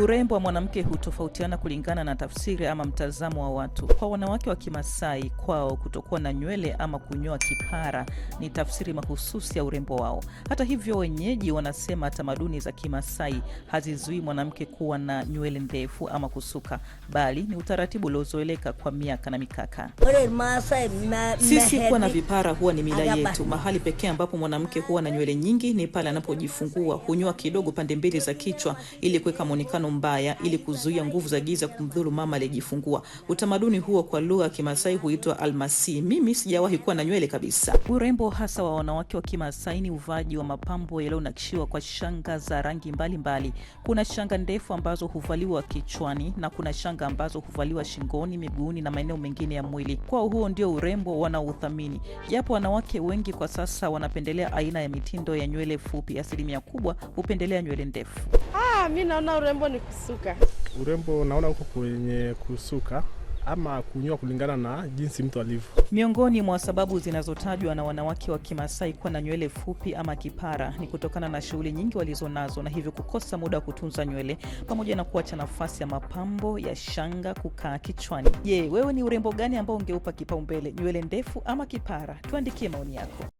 Urembo wa mwanamke hutofautiana kulingana na tafsiri ama mtazamo wa watu. Kwa wanawake wa Kimasai, kwao kutokuwa na nywele ama kunyoa kipara ni tafsiri mahususi ya urembo wao. Hata hivyo, wenyeji wanasema tamaduni za Kimasai hazizui mwanamke kuwa na nywele ndefu ama kusuka, bali ni utaratibu uliozoeleka kwa miaka na mikaka. Sisi kuwa na vipara huwa ni mila yetu. Mahali pekee ambapo mwanamke huwa na nywele nyingi ni pale anapojifungua, hunyoa kidogo pande mbili za kichwa ili kuweka mwonekano mbaya ili kuzuia nguvu za giza kumdhuru mama aliyejifungua. Utamaduni huo kwa lugha ya Kimasai huitwa almasi. Mimi sijawahi kuwa na nywele kabisa. Urembo hasa wa wanawake wa Kimasai ni uvaji wa mapambo yaliyonakishiwa kwa shanga za rangi mbalimbali mbali. Kuna shanga ndefu ambazo huvaliwa kichwani na kuna shanga ambazo huvaliwa shingoni, miguuni na maeneo mengine ya mwili. Kwao huo ndio urembo wanaouthamini, japo wanawake wengi kwa sasa wanapendelea aina ya mitindo ya nywele fupi. Asilimia kubwa hupendelea nywele ndefu. Ah, mi naona urembo ni kusuka. Urembo naona huko kwenye kusuka ama kunyoa kulingana na jinsi mtu alivyo. Miongoni mwa sababu zinazotajwa na wanawake wa Kimasai kuwa na nywele fupi ama kipara ni kutokana na shughuli nyingi walizonazo na hivyo kukosa muda wa kutunza nywele pamoja na kuacha nafasi ya mapambo ya shanga kukaa kichwani. Je, wewe ni urembo gani ambao ungeupa kipaumbele, nywele ndefu ama kipara? Tuandikie maoni yako.